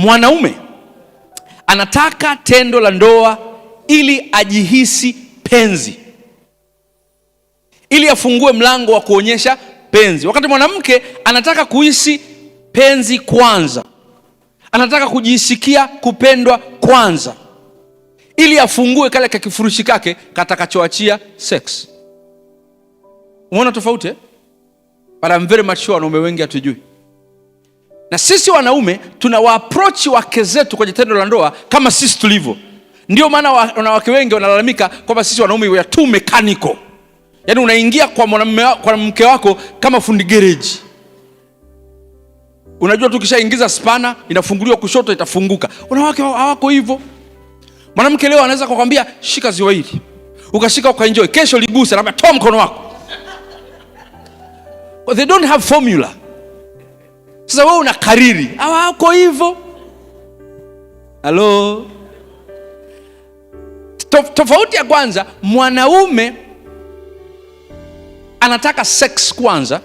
Mwanaume anataka tendo la ndoa ili ajihisi penzi, ili afungue mlango wa kuonyesha penzi, wakati mwanamke anataka kuhisi penzi kwanza, anataka kujisikia kupendwa kwanza, ili afungue kale kakifurushi kake katakachoachia sex. Umeona tofauti eh? But I'm very much sure wanaume wengi hatujui na sisi wanaume tunawaaprochi wake zetu kwenye tendo la ndoa kama sisi tulivyo. Ndio maana wanawake wengi wanalalamika kwamba sisi wanaume we are too mechanical. Yaani unaingia kwa mwanamume kwa mke wako kama fundi gereji. Unajua tu kishaingiza spana inafunguliwa kushoto itafunguka. Wanawake hawako hivyo. Mwanamke leo anaweza kukwambia shika ziwa hili. Ukashika ukaenjoy. Kesho ligusa na toa mkono wako. They don't have formula. Sasa wewe una kariri hawako hivyo. Halo, tofauti ya kwanza, mwanaume anataka sex kwanza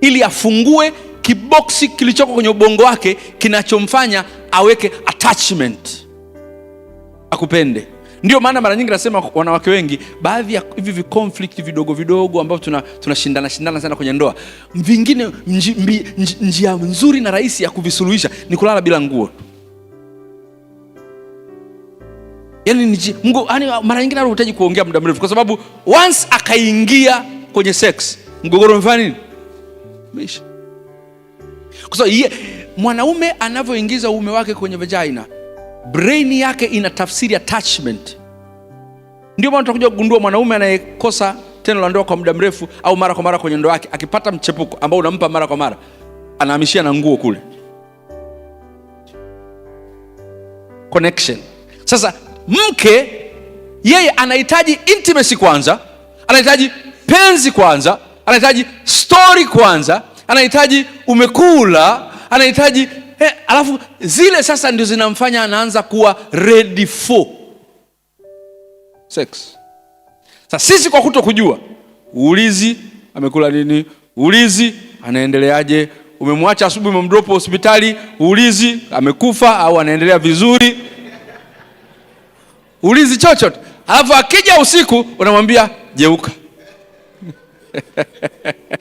ili afungue kiboksi kilichoko kwenye ubongo wake kinachomfanya aweke attachment akupende ndio maana mara nyingi nasema wanawake wengi, baadhi ya hivi vikonflikti vidogo vidogo ambavyo tunashindana shindana sana kwenye ndoa, vingine njia nzuri na rahisi ya kuvisuluhisha ni kulala bila nguo. Yani yaani mara nyingine hutaji kuongea muda mrefu, kwa sababu once akaingia kwenye sex, mgogoro umefanya Meisha. Kwa sababu mwanaume anavyoingiza uume wake kwenye vajaina brain yake ina tafsiri attachment. Ndio maana tunakuja kugundua mwanaume anayekosa tendo la ndoa kwa muda mrefu au mara kwa mara kwenye ndoa yake, akipata mchepuko ambao unampa mara kwa mara, anahamishia na nguo kule connection. Sasa mke yeye anahitaji intimacy kwanza, anahitaji penzi kwanza, anahitaji story kwanza, anahitaji umekula, anahitaji he, eh, alafu zile sasa ndio zinamfanya anaanza kuwa ready for sex. Sasa sisi kwa kuto kujua uulizi, amekula nini? Uulizi, anaendeleaje? Umemwacha asubuhi, umemdropo hospitali, uulizi, amekufa au anaendelea vizuri? Uulizi chochote. Alafu akija usiku unamwambia jeuka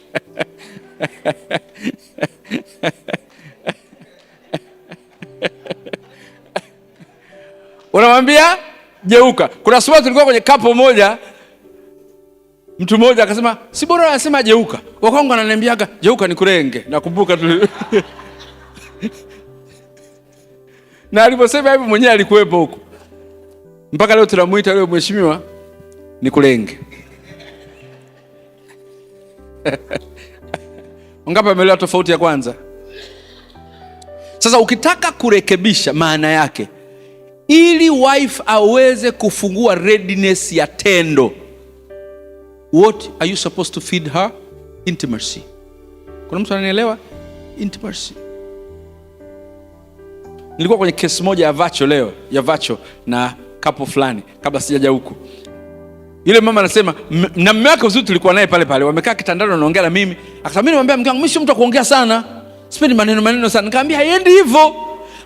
akamwambia geuka. Kuna siku tulikuwa kwenye kapo moja, mtu mmoja akasema si bora anasema geuka, wakongo ananiambiaga geuka ni kurenge. Nakumbuka tu na aliposema hivyo mwenyewe alikuwepo huko, mpaka leo tunamwita leo mheshimiwa ni kulenge. Ngapi ameelewa tofauti ya kwanza? Sasa ukitaka kurekebisha maana yake ili wife aweze kufungua readiness ya tendo. What are you supposed to feed her? Intimacy. Kuna mtu ananielewa? Intimacy. Nilikuwa kwenye kesi moja ya vacho leo ya vacho na kapo fulani, kabla sijaja huku. Yule mama anasema na mume wake, uzuri tulikuwa naye pale pale, wamekaa kitandani wanaongea na mimi, akasema mimi nimwambia mke wangu, mimi si mtu wa kuongea sana, sipendi maneno maneno sana. nikaambia haiendi hivyo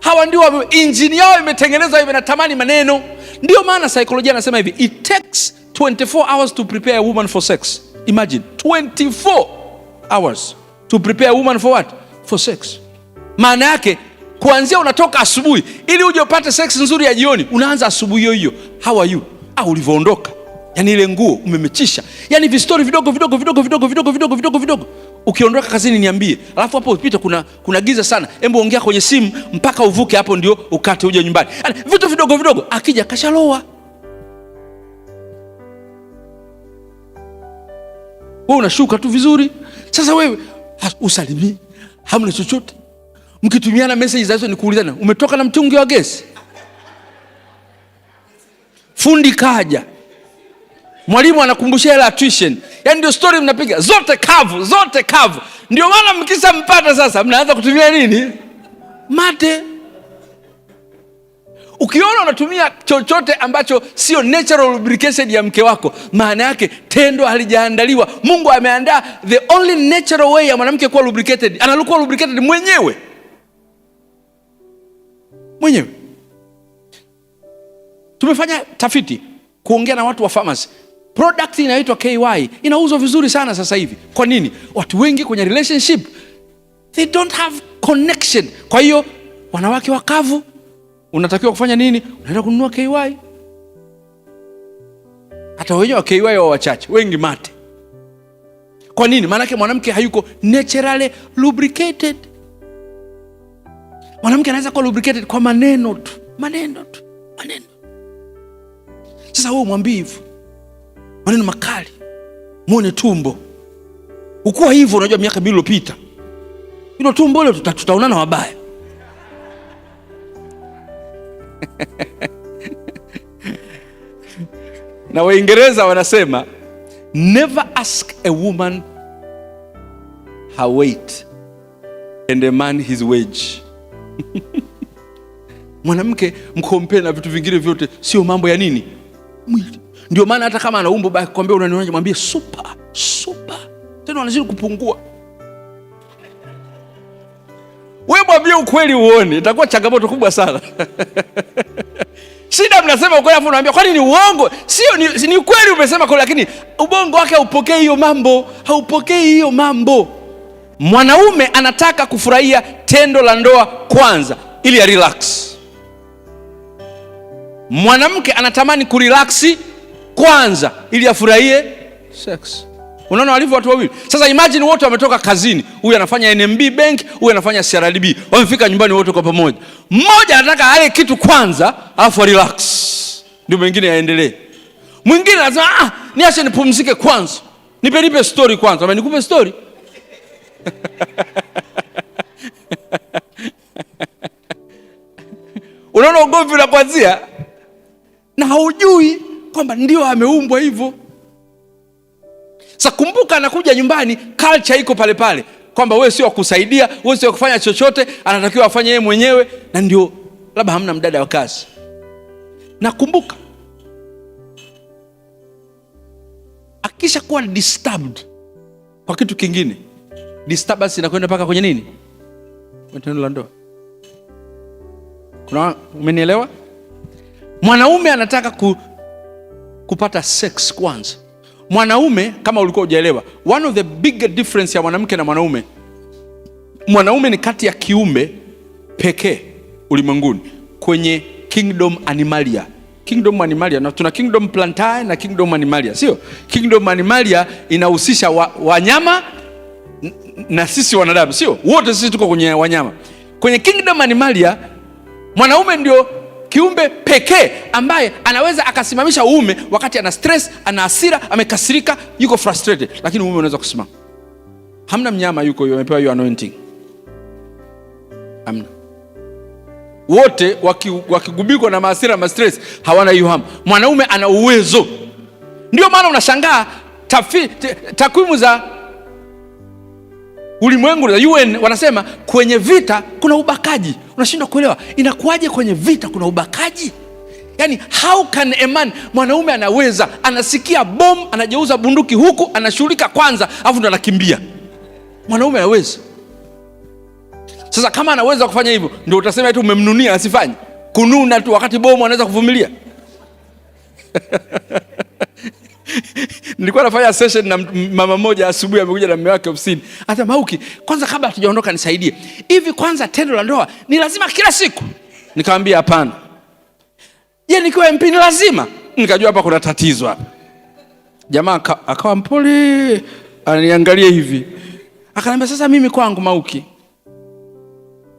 hawa ndio injini yao imetengenezwa hivyo, natamani maneno. Ndio maana saikolojia anasema hivi, it takes 24 hours to prepare a woman for sex. Imagine 24 hours to prepare a woman for what? For sex. Maana yake kuanzia unatoka asubuhi ili uje upate sex nzuri ya jioni, unaanza asubuhi hiyo hiyo. How are you? Ah, ulivyoondoka, yani ile nguo umemechisha, yani vistori vidogo vidogo vidogo vidogo vidogo vidogo vidogo vidogo Ukiondoka kazini niambie, alafu hapo pita kuna, kuna giza sana, hebu ongea kwenye simu mpaka uvuke hapo, ndio ukate uje nyumbani. Yaani, vitu vidogo vidogo, akija kashaloa. Wewe unashuka tu vizuri. Sasa wewe usalimii, hamna chochote, mkitumiana message za hizo ni kuulizana, umetoka na mtungi wa gesi, fundi kaja mwalimu anakumbusha hela tuition, yaani ndio story mnapiga zote kavu, zote kavu. Ndio maana mkisha mpata sasa, mnaanza kutumia nini mate. Ukiona unatumia chochote ambacho sio natural lubrication ya mke wako, maana yake tendo halijaandaliwa. Mungu ameandaa the only natural way ya mwanamke kuwa lubricated, anakuwa lubricated mwenyewe mwenyewe. Tumefanya tafiti kuongea na watu wa pharmacy product inaitwa KY inauzwa vizuri sana sasa hivi. Kwa nini? Watu wengi kwenye relationship they don't have connection. Kwa hiyo wanawake wakavu, unatakiwa kufanya nini? Unaenda kununua KY. Hata wenye wa KY wa wachache, wengi mate. Kwa nini? Maanake mwanamke hayuko naturally lubricated. Mwanamke anaweza kuwa lubricated kwa maneno tu, maneno tu, maneno. Sasa wewe mwambii hivyo maneno makali, mwone tumbo. Ukuwa hivyo, unajua miaka mbili iliyopita hilo tumbo ile tutaonana wabaya. na Waingereza wanasema never ask a woman her weight and a man his wage. Mwanamke mkompee na vitu vingine vyote, sio mambo ya nini mwili ndio maana hata kama ana umbo baki kwambia unanionaje, mwambie super super, tena wanazidi kupungua. Wewe mwambie ukweli, uone itakuwa changamoto kubwa sana Shida mnasema ukweli, afu unaambia kwani ni uongo? Sio, ni, ni kweli umesema kweli, lakini ubongo wake haupokei hiyo mambo, haupokei hiyo mambo. Mwanaume anataka kufurahia tendo la ndoa kwanza ili ya relax. Mwanamke anatamani kurilaksi kwanza ili afurahie sex. Unaona walivyo watu wawili. Sasa imagine wote wametoka kazini, huyu anafanya NMB Bank, huyu anafanya CRDB, wamefika nyumbani wote kwa pamoja. Mmoja anataka ale kitu kwanza, alafu relax, ndio mwingine aendelee. Mwingine anasema ah, niache nipumzike kwanza, nipe nipe story kwanza. Amenikupe story unaona ugomvi unapoanzia na haujui kwamba ndio ameumbwa hivyo. Sasa kumbuka, anakuja nyumbani, kalcha iko pale pale kwamba wewe sio wakusaidia, wewe sio wakufanya chochote, anatakiwa afanye yeye mwenyewe, na ndio labda hamna mdada wa kazi. Nakumbuka akisha kuwa disturbed kwa kitu kingine, disturbance inakwenda mpaka kwenye nini, tendo la ndoa. Kuna umenielewa? Mwanaume anataka ku kupata sex kwanza. Mwanaume kama ulikuwa hujaelewa, one of the big difference ya mwanamke na mwanaume, mwanaume ni kati ya kiumbe pekee ulimwenguni kwenye kingdom animalia kingdom animalia na tuna kingdom plantae na kingdom animalia, sio? Kingdom animalia inahusisha wa, wanyama na sisi wanadamu, sio? Wote sisi tuko kwenye wanyama. Kwenye kingdom animalia mwanaume ndio kiumbe pekee ambaye anaweza akasimamisha uume wakati ana stress, ana asira amekasirika, yuko frustrated, lakini uume unaweza kusimama. Hamna mnyama yuko hiyo amepewa hiyo anointing, hamna. Wote wakigubikwa waki na maasira na mastres hawana hiyo hamu. Mwanaume ana uwezo, ndio maana unashangaa takwimu za ulimwengu na UN wanasema kwenye vita kuna ubakaji. Unashindwa kuelewa inakuwaje kwenye vita kuna ubakaji? Yani, how can a man, mwanaume anaweza anasikia bomu anajeuza bunduki huku anashughulika kwanza, alafu ndo anakimbia. Mwanaume anaweza. Sasa kama anaweza kufanya hivyo, ndo utasema tu umemnunia asifanye kununa tu, wakati bomu anaweza kuvumilia Nilikuwa nafanya session na mama moja asubuhi, amekuja na mume wake ofisini, hata Mauki, kwanza kabla hatujaondoka nisaidie hivi, kwanza tendo la ndoa ni lazima kila siku? Nikamwambia hapana. Je, nikiwa MP ni lazima? Nikajua hapa kuna tatizo hapa. Jamaa akawa mpole, aniangalie hivi, akaniambia sasa, mimi kwangu Mauki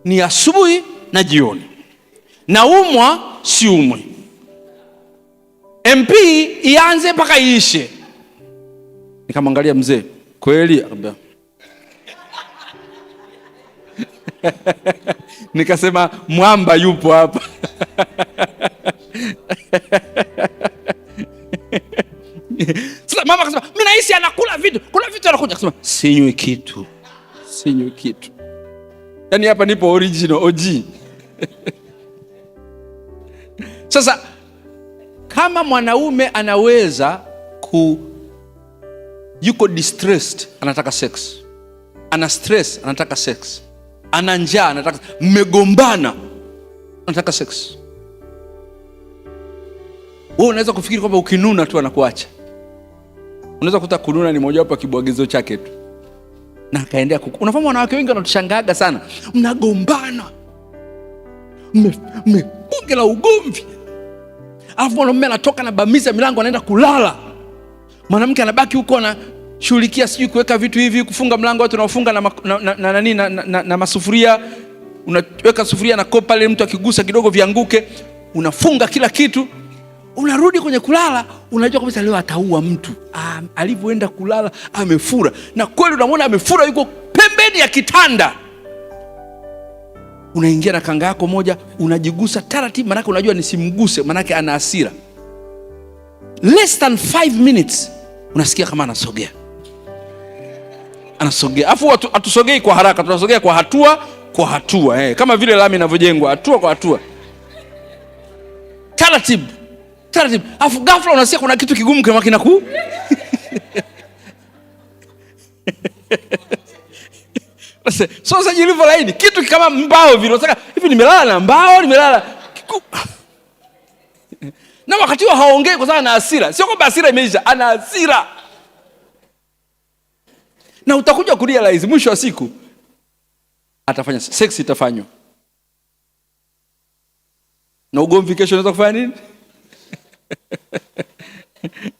ni asubuhi na jioni, naumwa siumwi, MP ianze mpaka iishe. Nikamwangalia mzee, kweli? Akambia nikasema mwamba yupo hapa Sasa mama akasema, mimi nahisi anakula vitu, kuna vitu anakuja. kasema sinywi kitu, sinywi kitu. Yaani hapa nipo original OG. Sasa kama mwanaume anaweza ku yuko distressed, anataka sex, ana stress, anataka sex, ana njaa, anataka mmegombana, anataka sex. Wewe unaweza kufikiri kwamba ukinuna tu anakuacha. Unaweza kuta kununa ni mojawapo ya kibwagizo chake tu, na akaendea kuku. Unafahamu, wanawake wengi wanatushangaga sana, mnagombana mmepunge la ugomvi, alafu mwanaume anatoka na bamiza milango, anaenda kulala mwanamke anabaki huko na shughulikia sijui kuweka vitu hivi, kufunga mlango, watu wanaofunga na, na, na, na, na, na, na na, na masufuria. Unaweka sufuria na kopa ile, mtu akigusa kidogo vianguke. Unafunga kila kitu, unarudi kwenye kulala, unajua kabisa leo ataua mtu. Ah, alivyoenda kulala amefura, na kweli unamwona amefura, yuko pembeni ya kitanda. Unaingia na kanga yako moja, unajigusa taratibu, manake unajua nisimguse, manake ana asira Less than 5 minutes unasikia kama anasogea anasogea, afu hatusogei kwa haraka, tunasogea kwa hatua kwa hatua eh, kama vile lami inavyojengwa hatua kwa hatua, taratibu taratibu, afu ghafla unasikia kuna kitu kigumu kama kinaku so saji laini, kitu kama mbao vile, unataka hivi, nimelala na mbao, nimelala na wakati huo haongei kwa sababu ana hasira. Sio kwamba hasira imeisha, ana hasira, na utakuja kurealize mwisho wa siku atafanya sex, itafanywa na ugomvi kesho, unaweza kufanya nini?